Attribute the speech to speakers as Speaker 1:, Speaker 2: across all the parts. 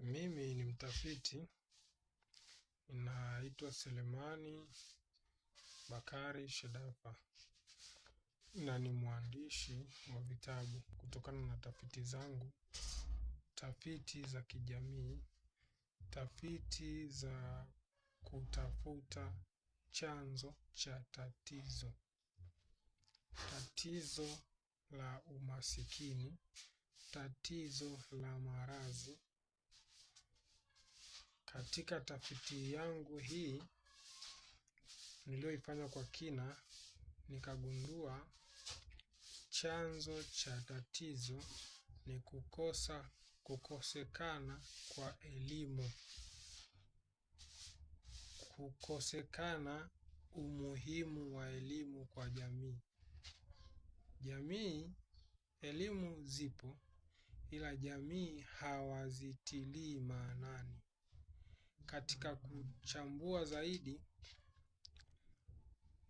Speaker 1: Mimi ni mtafiti, ninaitwa Selemani Bakari Shadafa na ni mwandishi wa vitabu. Kutokana na tafiti zangu, tafiti za kijamii, tafiti za kutafuta chanzo cha tatizo, tatizo la umasikini, tatizo la maradhi, katika tafiti yangu hii niliyoifanya kwa kina, nikagundua chanzo cha tatizo ni kukosa kukosekana kwa elimu, kukosekana umuhimu wa elimu kwa jamii. Jamii elimu zipo, ila jamii hawazitilii maanani katika kuchambua zaidi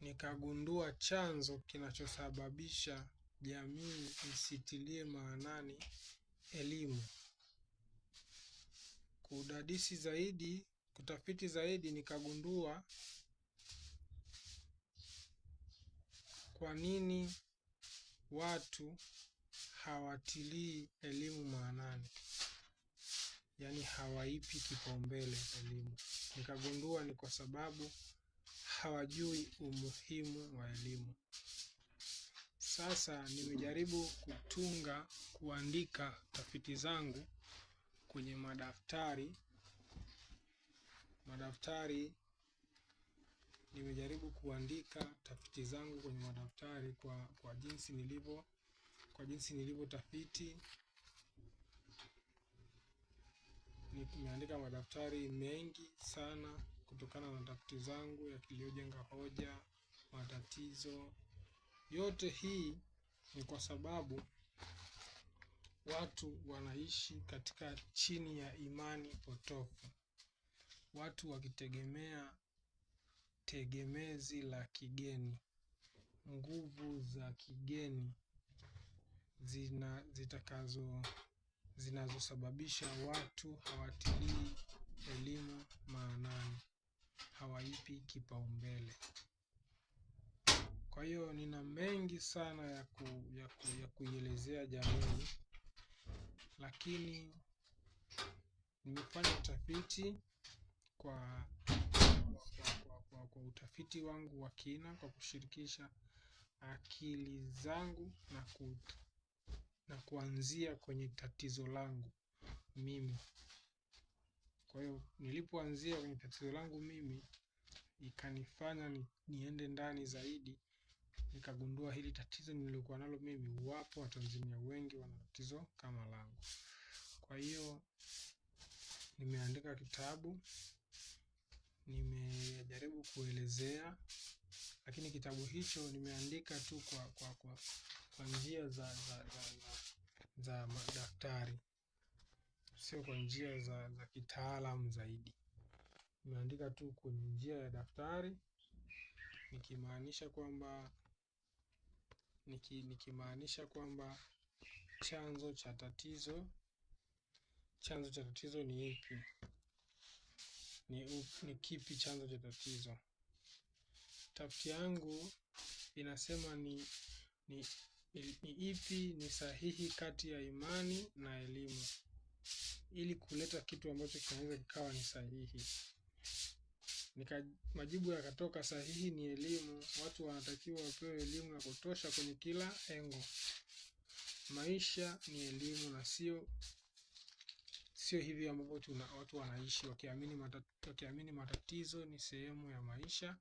Speaker 1: nikagundua chanzo kinachosababisha jamii isitilie maanani elimu. Kudadisi zaidi, kutafiti zaidi, nikagundua kwa nini watu hawatilii elimu maanani yaani hawaipi kipaumbele elimu. Nikagundua ni kwa sababu hawajui umuhimu wa elimu. Sasa nimejaribu kutunga, kuandika tafiti zangu kwenye madaftari madaftari nimejaribu kuandika tafiti zangu kwenye madaftari kwa, kwa jinsi nilivyo kwa jinsi tafiti. nimeandika madaftari mengi sana kutokana na tafiti zangu yaliyojenga hoja, matatizo. Yote hii ni kwa sababu watu wanaishi katika chini ya imani potofu. Watu wakitegemea tegemezi la kigeni, nguvu za kigeni zina zitakazo zinazosababisha watu hawatilii elimu maanani, hawaipi kipaumbele. Kwa hiyo nina mengi sana ya, ku, ya, ku, ya kuielezea jamii, lakini nimefanya utafiti kwa kwa, kwa, kwa kwa utafiti wangu wa kina kwa kushirikisha akili zangu na ku na kuanzia kwenye tatizo langu mimi. Kwa hiyo nilipoanzia kwenye tatizo langu mimi, ikanifanya ni, niende ndani zaidi, nikagundua hili tatizo nililokuwa nalo mimi, wapo Watanzania wengi wana tatizo kama langu. Kwa hiyo nimeandika kitabu, nimejaribu kuelezea, lakini kitabu hicho nimeandika tu kwa, kwa, kwa kwa njia za, za, za, za madaktari, sio kwa njia za, za kitaalamu zaidi. Nimeandika tu kwenye njia ya daktari, nikimaanisha kwamba niki, nikimaanisha kwamba chanzo cha tatizo chanzo cha tatizo ni ipi? Ni, upi, ni kipi chanzo cha tatizo? Tafiti yangu inasema ni, ni ni ipi ni sahihi kati ya imani na elimu, ili kuleta kitu ambacho kinaweza kikawa ni sahihi. Nika, majibu yakatoka sahihi ni elimu. Watu wanatakiwa wapewe elimu ya kutosha kwenye kila engo. Maisha ni elimu na sio sio hivi ambavyo tuna watu wanaishi wakiamini matatizo, wakiamini matatizo ni sehemu ya maisha.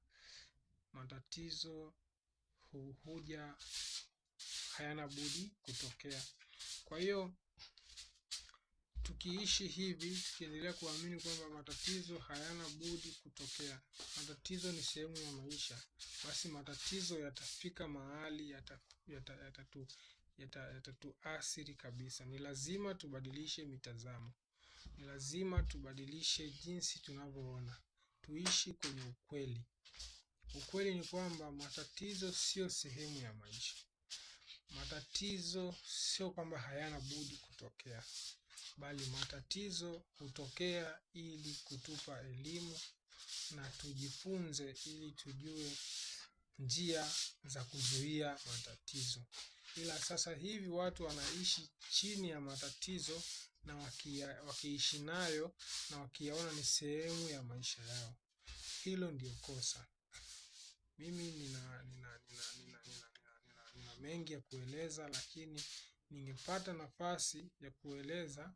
Speaker 1: Matatizo huja hayana budi kutokea. Kwa hiyo tukiishi hivi, tukiendelea kuamini kwamba matatizo hayana budi kutokea, matatizo ni sehemu ya maisha, basi matatizo yatafika mahali yatatuathiri yata, yata yata kabisa. Ni lazima tubadilishe mitazamo, ni lazima tubadilishe jinsi tunavyoona, tuishi kwenye ukweli. Ukweli ni kwamba matatizo sio sehemu ya maisha matatizo sio kwamba hayana budi kutokea, bali matatizo hutokea ili kutupa elimu na tujifunze, ili tujue njia za kuzuia matatizo. Ila sasa hivi watu wanaishi chini ya matatizo na wakiishi nayo na wakiyaona ni sehemu ya maisha yao. Hilo ndio kosa. Mimi nina, nina, nina, nina, nina mengi ya kueleza, lakini ningepata nafasi ya kueleza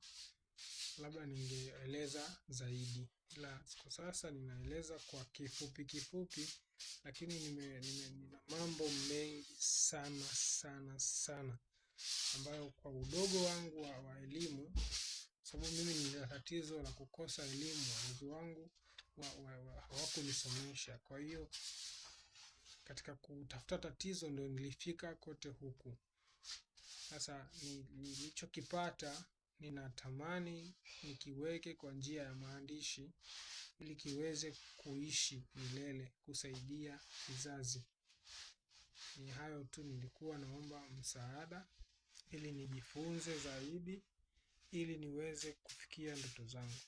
Speaker 1: labda ningeeleza zaidi, ila kwa sasa ninaeleza kwa kifupi kifupi, lakini nime, nime, nina mambo mengi sana sana sana ambayo kwa udogo wangu wa, wa elimu, sababu mimi nina tatizo la kukosa elimu, wazazi wangu hawakunisomesha wa, wa, wa, kwa hiyo katika kutafuta tatizo ndo nilifika kote huku. Sasa nilichokipata ninatamani nikiweke kwa njia ya maandishi ili kiweze kuishi milele, kusaidia kizazi. Ni hayo tu, nilikuwa naomba msaada ili nijifunze zaidi, ili niweze kufikia ndoto zangu.